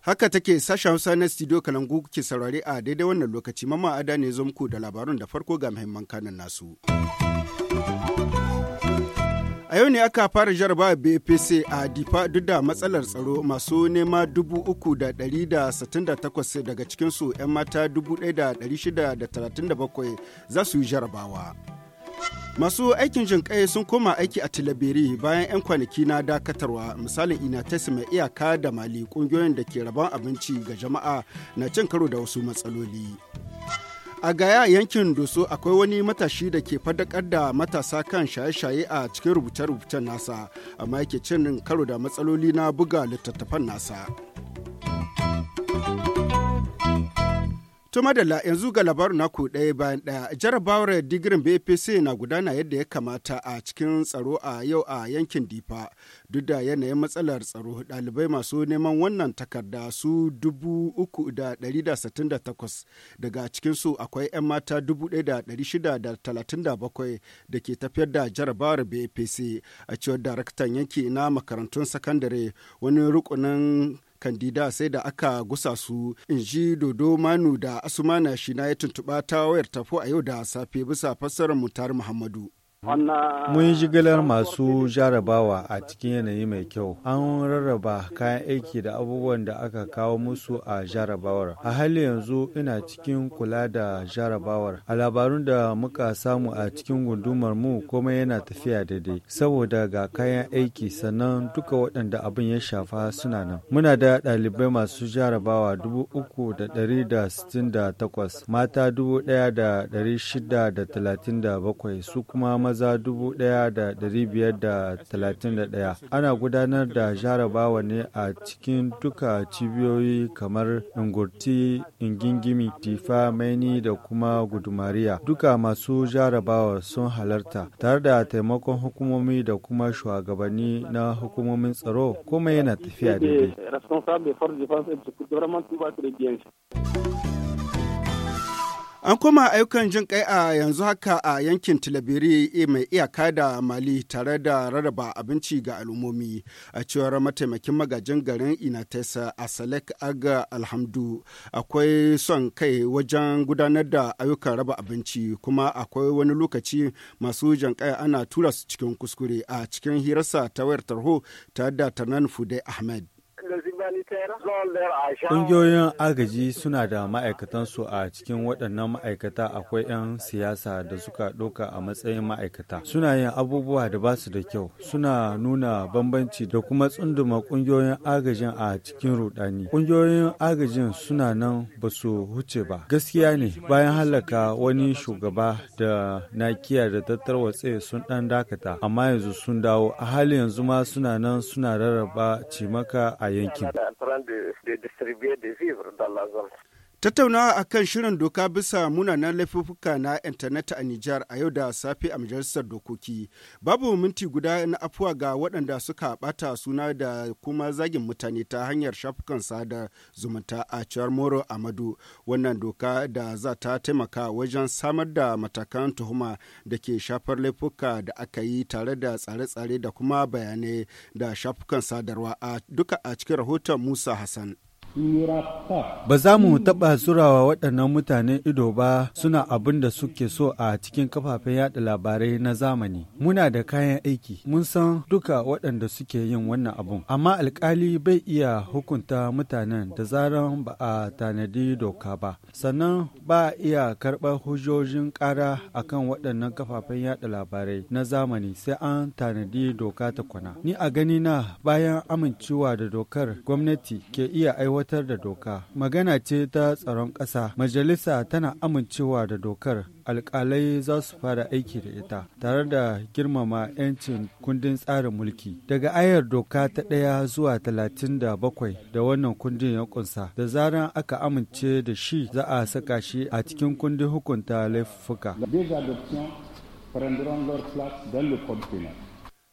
Haka take sashen Hausa na studio Kalangu ke saurari a daidai wannan lokaci mamma ada ne zo muku da labarun da farko ga muhimman kanan nasu. yau ne aka fara jaraba BPC a Difa duk da matsalar tsaro masu nema 3,168 daga cikinsu 'yan mata 1,637 za su yi jarabawa. Masu aikin jinƙai sun koma aiki a Tilaberi bayan 'yan kwanaki na dakatarwa misalin Inates mai iyaka da Mali ƙungiyoyin da ke rabon abinci ga jama'a na cin karo da wasu matsaloli. A gaya yankin Doso akwai wani matashi da ke fadakar da matasa kan shaye-shaye a cikin rubuce-rubucen nasa, amma yake cin karo da matsaloli na buga littattafan nasa. To madalla yanzu ga labarin naku ɗaya bayan ɗaya jarabawar digirin BPC na gudana yadda ya kamata a cikin tsaro a yau a yankin Difa duk da yanayin matsalar tsaro ɗalibai masu neman wannan takarda su 3,168 daga su akwai 'yan mata 1,637 da ke tafiyar da jarabawar BPC a cewar daraktan yanki na makarantun sakandare wani rukunin Kandida sai da aka gusa su in ji Dodo Manu da Asumana Shina ya tuntuɓa ta wayar tafo a yau da safe bisa fassarar Mutar Muhammadu. Mun yi jigilar masu jarabawa a cikin yanayi mai kyau. An rarraba kayan aiki da abubuwan da aka kawo musu a jarabawar. A hali yanzu ina cikin kula da jarabawar. A labarun da muka samu a cikin gundumar mu komai yana tafiya daidai. Saboda ga kayan aiki sannan duka waɗanda abin ya shafa suna nan. Muna da ɗalibai masu jarabawa dubu uku da ɗari da sittin da takwas, mata dubu ɗaya da ɗari shida da talatin da bakwai, su kuma maza maza 1,531. Ana gudanar da jarabawa ne a cikin duka cibiyoyi kamar ingurti Ingingimi, Tifa, Maini da kuma Gudumariya. Duka masu jarabawa sun halarta tare da taimakon hukumomi da kuma shugabanni na hukumomin tsaro kuma yana tafiya daidai. An koma ayyukan jin kai a yanzu haka a yankin Tilabiri eh, mai iyaka da Mali tare da rarraba abinci ga al'ummomi a cewar mataimakin magajin garin Inatesa a Salek Aga Alhamdu. Akwai son kai wajen gudanar da ayyukan raba abinci kuma akwai wani lokaci masu jan kai ana tura su cikin kuskure a cikin hirarsa ta wayar tarho tare da Tarnan Fude Ahmed. Ƙungiyoyin agaji suna da ma'aikatansu a cikin waɗannan ma'aikata akwai 'yan siyasa da suka ɗauka a matsayin ma'aikata. Suna yin abubuwa da ba su da kyau, suna nuna bambanci da kuma tsunduma ƙungiyoyin agajin a cikin rudani. Ƙungiyoyin agajin suna nan ba su huce ba. Gaskiya ne bayan halaka wani shugaba da nakiya da tsaye sun ɗan dakata, amma yanzu sun dawo a halin yanzu ma suna nan suna rarraba cimaka a yankin. en train de, de distribuer des vivres dans la zone. Tattaunawa a kan shirin doka bisa munanan laifuffuka na intanet a Nijar a yau da safe a majalisar dokoki. Babu minti guda na afuwa ga waɗanda suka ɓata suna da kuma zagin mutane ta hanyar shafukan sada zumunta a cewar Moro Amadu. Wannan doka da za ta taimaka wajen samar da matakan tuhuma da ke shafar laifuka da aka yi tare da tsare-tsare da kuma bayanai da shafukan sadarwa a duka a cikin rahoton Musa Hassan. Ba za mu taɓa zurawa waɗannan mutane ido ba suna abin da suke so a cikin kafafen yaɗa labarai na zamani. Muna da kayan aiki, mun san duka waɗanda suke yin wannan abun. Amma alkali bai iya hukunta mutanen da zaran ba a tanadi doka ba. Sannan ba a iya karɓar hujjojin ƙara a kan waɗannan kafafen yaɗa labarai na zamani sai an tanadi doka ta kwana. Ni a gani na bayan amincewa da dokar gwamnati ke iya aiwatar aiwatar da doka magana ce ta tsaron ƙasa majalisa tana amincewa da dokar alƙalai za su fara aiki da ita tare da girmama 'yancin kundin tsarin mulki daga ayar doka ta ɗaya zuwa talatin da bakwai da wannan kundin ya kunsa da zaran aka amince da shi za a saka shi a cikin kundin hukunta laifuka.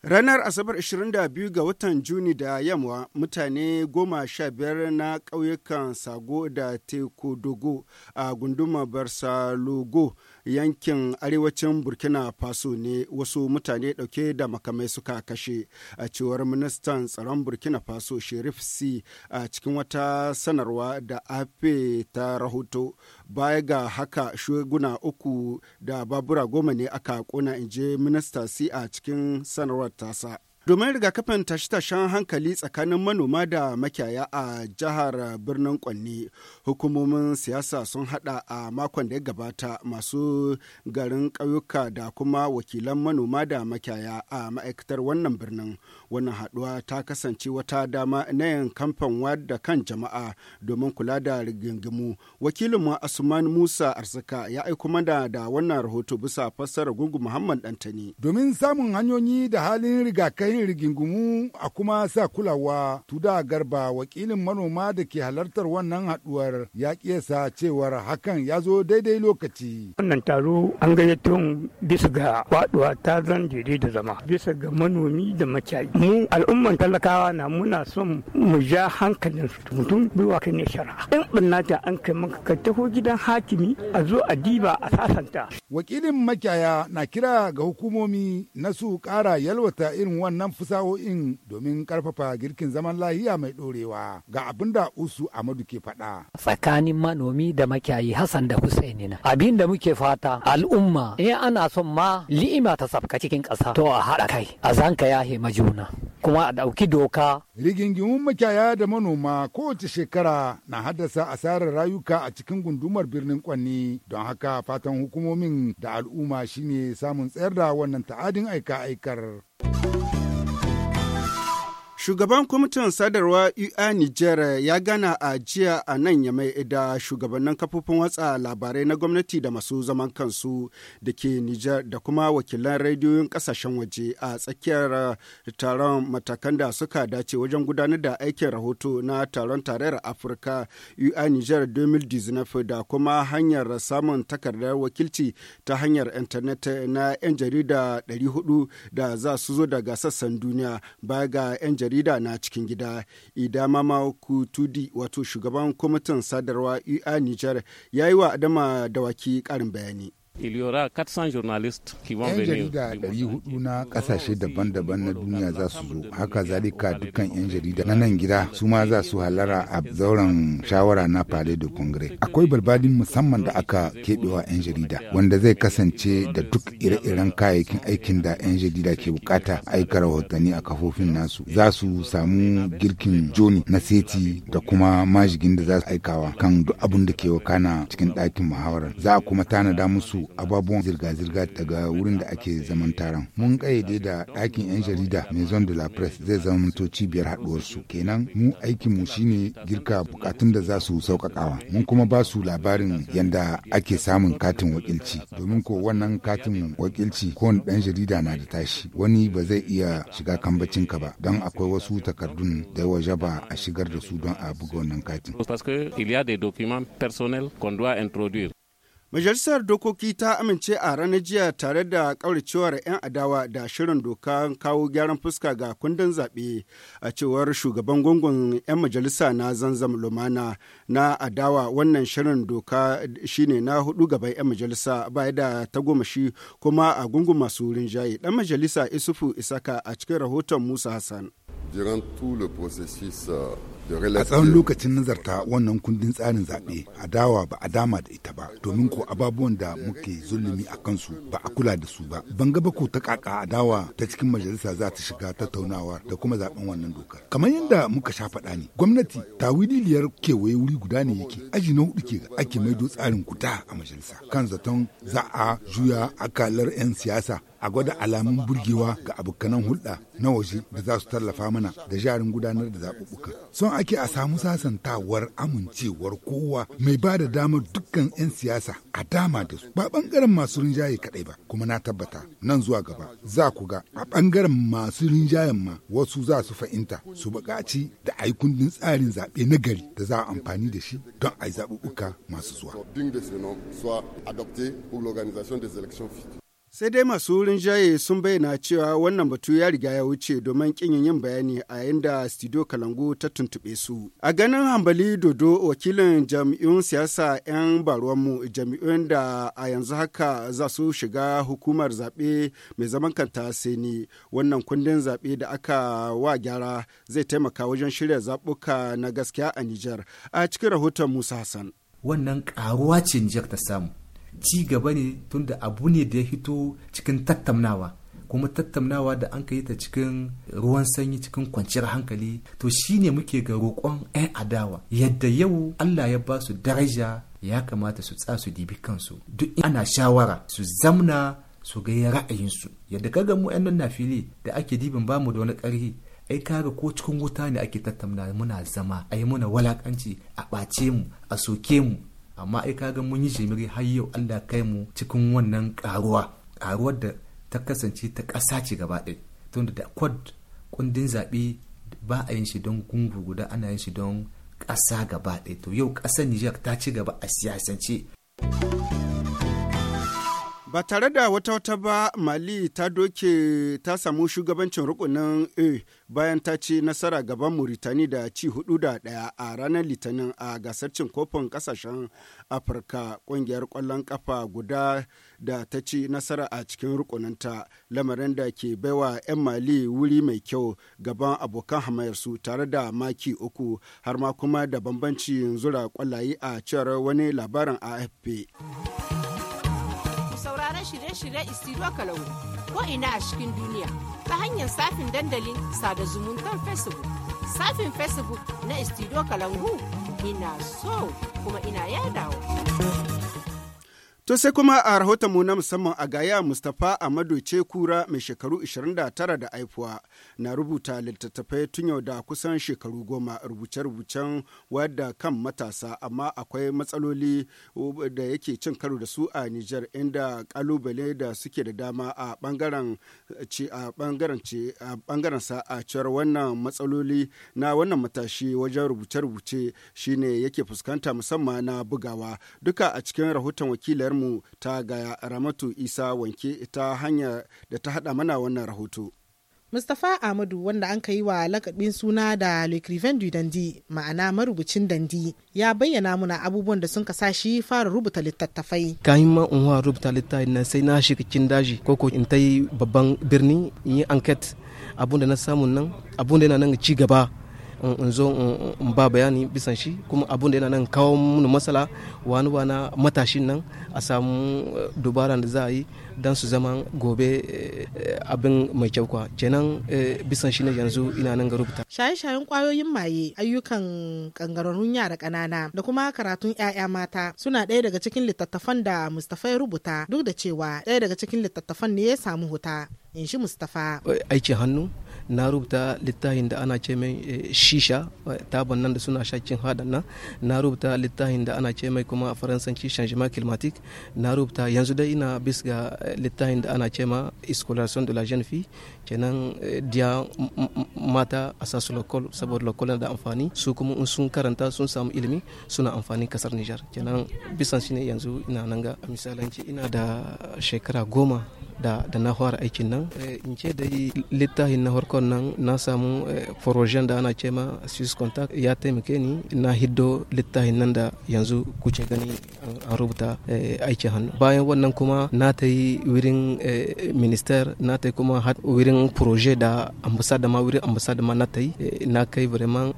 Ranar Asabar 22 ga watan Juni da yamwa mutane goma sha biyar na ƙauyukan Sago da Teku Dogo a gunduma Barsa Logo yankin arewacin burkina faso ne wasu mutane dauke da makamai suka kashe a cewar ministan tsaron burkina faso sherif c a cikin wata sanarwa da afe ta rahoto baya ga haka shuguna uku da babura goma ne aka kona inje minista c a cikin sanarwar tasa domin rigakafin tashe-tashen hankali tsakanin manoma da makiyaya a jihar birnin kwanni hukumomin siyasa sun hada a makon da ya gabata masu garin ƙauyuka da kuma wakilan manoma da makiyaya a ma'aikatar wannan birnin wannan haduwa ta kasance wata dama na yin kamfan wadda kan jama'a domin kula da rigingimu wakilin asuman musa arzika ya aiko mana da wannan rahoto bisa fassarar gungu muhammad dantani domin samun hanyoyi da halin rigakai yin rigingumu a kuma sa kulawa tuda garba wakilin manoma da ke halartar wannan haduwar ya kiyasa cewar hakan ya zo daidai lokaci. Wannan taro an gayyato bisa ga kwaduwa ta zan daidai da zama bisa ga manomi da makiyayi. Mu al'umman talakawa na muna son mu ja hankalin su mutum biwa kai ne shara. In ta an kai maka ka taho gidan hakimi a zo a diba a sasanta. wakilin makiyaya na kira ga hukumomi na su ƙara yalwata irin wannan fusa'o'in domin ƙarfafa girkin zaman lahiya mai ɗorewa ga abin da usu amadu ke faɗa. tsakanin manomi da makiyayi hassan da husaini na abin da muke fata al'umma in ana son ma li'ima ta sabka cikin ƙasa to a haɗa kai a zanka yahe juna. kuma a ɗauki doka. Rigingimun makiyaya da manoma kowace shekara na haddasa asarar rayuka a cikin gundumar birnin Kwanni don haka fatan hukumomin da al'umma shine samun tsayar da wannan ta'adin aika-aikar. Shugaban kwamitin sadarwa UA niger ya gana a jiya a nan ya mai da shugabannin kafofin watsa labarai na gwamnati da masu zaman kansu da ke Nijar da kuma wakilan rediyoyin kasashen waje a tsakiyar uh, taron matakan da suka dace wajen gudanar da aikin rahoto na taron tarayyar Afirka UA niger 2019 da kuma hanyar samun takardar wakilci ta hanyar intanet na 'yan jarida 400 da za su zo daga sassan duniya ba ga 'yan jarida jarida na cikin gida ida mama kutudi wato shugaban kwamitin sadarwa ua niger ya yi wa adama dawaki karin bayani Il y aura 400 journalistes qui 'Yan jarida na ƙasashe daban-daban na duniya za su zo. Haka zalika dukkan 'yan jarida na nan gida su ma za su halara a zauren shawara na Palais da kongre Akwai balbalin musamman da aka keɓewa 'yan jarida wanda zai kasance da duk ire-iren kayayyakin aikin da 'yan jarida ke bukata aika rahotanni a kafofin nasu. Za su samu girkin joni na seti da kuma majigin da za su aikawa kan duk abin da ke wakana cikin ɗakin muhawarar. Za a kuma tanada musu a ababuwan zirga-zirga daga wurin da ake zaman taron mun kayyade da ɗakin 'yan jarida maison de la presse zai zama zamanto cibiyar haɗuwarsu kenan mu aikinmu shine girka bukatun da za su sauƙaƙawa mun kuma ba su labarin yadda ake samun katin wakilci domin ko wannan katin wakilci kowane ɗan jarida na da tashi wani ba zai iya shiga kambacinka ba don akwai wasu takardun da yawa jaba a shigar da su don a buga wannan katin. Parce que il y a des documents personnels qu'on doit introduire. Majalisar Dokoki ta amince a ranar jiya tare da ƙauracewar 'yan adawa da shirin doka kawo gyaran fuska ga kundin zaɓe a cewar shugaban gungun 'yan majalisa na zanzam lumana na adawa wannan shirin doka shine na hudu gaban 'yan majalisa baya da tagomashi kuma a gungun masu rinjaye. Ɗan majalisa Isufu Isaka a cikin rahoton Musa Hassan. a tsawon lokacin nazarta wannan kundin tsarin zaɓe a dawa ba a dama da ita ba domin ko ababuwan da muke zulumi a kansu ba a kula da su ba ban ga ko ta kaka dawa ta cikin majalisa za ta shiga tattaunawa. da kuma zaɓen wannan dokar kamar yadda muka sha faɗa ne gwamnati ta tawililiyar kewaye wuri guda ne yake aji na hudu ke ake maido tsarin guda a majalisa kan zaton za a juya akalar 'yan siyasa a gwada alamun burgewa ga abokanan hulɗa na waje da za su tallafa mana da jarin gudanar da zaɓuɓɓuka. Son ake a samu sasantawar amincewar kowa mai ba da damar dukkan 'yan siyasa a dama da su ba ɓangaren masu rinjaye kaɗai ba kuma na tabbata nan zuwa gaba za ku ga a ɓangaren masu rinjayen ma wasu za su fahimta su buƙaci da a kundin tsarin zaɓe na gari da za a amfani da shi don a yi zaɓuɓɓuka masu zuwa. sai dai masu wurin jaye sun bayyana cewa wannan batu ya riga ya wuce domin kinyin yin bayani a yayin da studio kalangu ta tuntube su a ganin hambali dodo wakilin jami'un siyasa 'yan baruwanmu jami'un da a yanzu haka za su shiga hukumar zaɓe mai zaman kanta ni wannan kundin zaɓe da aka wa gyara zai taimaka wajen shirya zaɓuka na gaskiya a nijar a cikin rahoton musa hassan wannan karuwa ce nijar ta samu ci gaba ne tunda abu ne da ya fito cikin tattaunawa kuma tattaunawa da an yi ta cikin ruwan sanyi cikin kwanciyar hankali to shine muke ga roƙon 'yan adawa yadda yau Allah ya ba su daraja ya kamata su tsa su dibi kansu duk ana shawara su zamna su ga ra'ayinsu yadda kaga mu 'yan nan na fili da ake dibin bamu da wani ƙarfi ai ka kaga ko cikin wuta ne ake tattauna muna zama ai muna walakanci a ɓace mu a soke mu amma ai ka kaga mun yi zimiri har yau Allah kai mu cikin wannan karuwa karuwar da ta kasance ta ƙasa ce gaba ɗaya tunda da kwad kundin zaɓe ba a yin shi don gungu guda ana yin shi don ƙasa gaba ɗaya to yau ƙasar Nijar ta ci gaba a siyasance. Ba tare da wata wata ba Mali ta doke ta samu shugabancin rukunin A bayan ta ci nasara gaban Muritani da ci hudu da daya a ranar Litinin a gasar cin kofin kasashen Afirka kungiyar kwallon kafa guda da ta ci nasara a cikin rukuninta lamarin da ke baiwa 'yan Mali wuri mai kyau gaban abokan hamayarsu tare da maki uku har ma kuma da bambanci zura kwallaye a cewar wani labarin AFP. shirye-shirye istiro kalau ko ina a cikin duniya ta hanyar safin dandalin sada zumuntar facebook safin facebook na istiro kalangu ina so kuma ina yada To sai kuma a rahoton mu na musamman a gaya Mustapha Amadu ce kura mai shekaru 29 da aifuwa na rubuta littattafai tun yau da kusan shekaru goma rubuce-rubucen wadda kan matasa amma akwai matsaloli da yake cin karo da su a Nijar inda kalubale da suke da dama a bangaren ce a bangaren ce a bangaren sa a cewar wannan matsaloli na wannan matashi wajen rubuce-rubuce shine yake fuskanta musamman na bugawa duka a cikin rahoton wakilar mu ta ga Ramatu Isa wanke ta hanya da ta haɗa mana wannan rahoto. Mustapha Ahmadu wanda an yi wa lakabin suna da Lecrivain du Dandi ma'ana marubucin Dandi ya bayyana muna abubuwan da sun kasa shi fara rubuta littattafai. Kayan ma in rubuta littattafai na sai na shiga cikin daji ko ko in ta babban birni in yi enquete abun da na samu nan abun da yana nan ci gaba in zo in ba bayani bisan shi kuma abun da yana nan kawo mun matsala wani wana matashin nan a samu eh, dubara da za a yi don su zama gobe eh, abin mai kyau kwa kenan eh, bisan shi ne yanzu ina nan ga rubuta shaye-shayen kwayoyin maye ayyukan kangararrun yara ƙanana da kuma karatun 'ya'ya mata suna ɗaya daga cikin littattafan da mustafa ya rubuta duk da cewa ɗaya daga cikin littattafan ne ya samu huta in shi mustafa aikin hannu na rubuta littafin da ana ce mai eh, shisha eh, tabon nan da suna shakin hadan nan na rubuta littafin da ana ce mai kuma a faransanci changement climatique na rubuta yanzu dai ina bis ga eh, littafin da ana ce ma escolation de la jeune fille kenan dia mata a sasu lokol saboda lokol da amfani su kuma in sun karanta sun samu ilimi suna amfani kasar Nijar kenan bisan shi ne yanzu ina nan ga misalanci ina da shekara goma da na fara aikin nan in ce dai littafin na farko kon nan na samu eh, forojen da ana ce ma swiss contact ya taimake ni na hiddo littafin nan da yanzu kuce gani an rubuta eh, aiki hannu bayan wannan kuma na ta yi wurin eh, minister na ta kuma wurin proje da ambasada ma wurin ambasada ma na ta yi na kai vraiment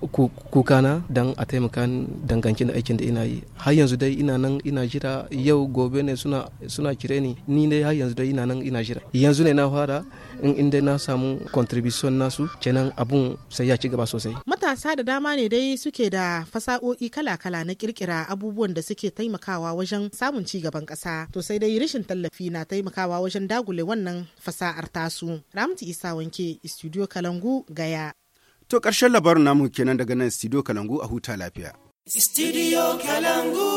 kukana dan a taimaka danganci da aikin da ina yi har yanzu dai ina nan ina jira yau gobe ne suna suna kire ni ni dai har yanzu dai ina nan ina jira yanzu ne na fara in inda na samu contribution kasuwan nasu kenan abun sai ya ci gaba sosai matasa da dama ne dai suke da fasa'o'i kala-kala na kirkira abubuwan da suke taimakawa wajen samun ci gaban ƙasa to sai dai rashin tallafi na taimakawa wajen dagule wannan fasa'ar tasu ramtu isa wanke studio kalangu gaya to ƙarshen labarin namu kenan daga nan studio kalangu a huta lafiya studio kalangu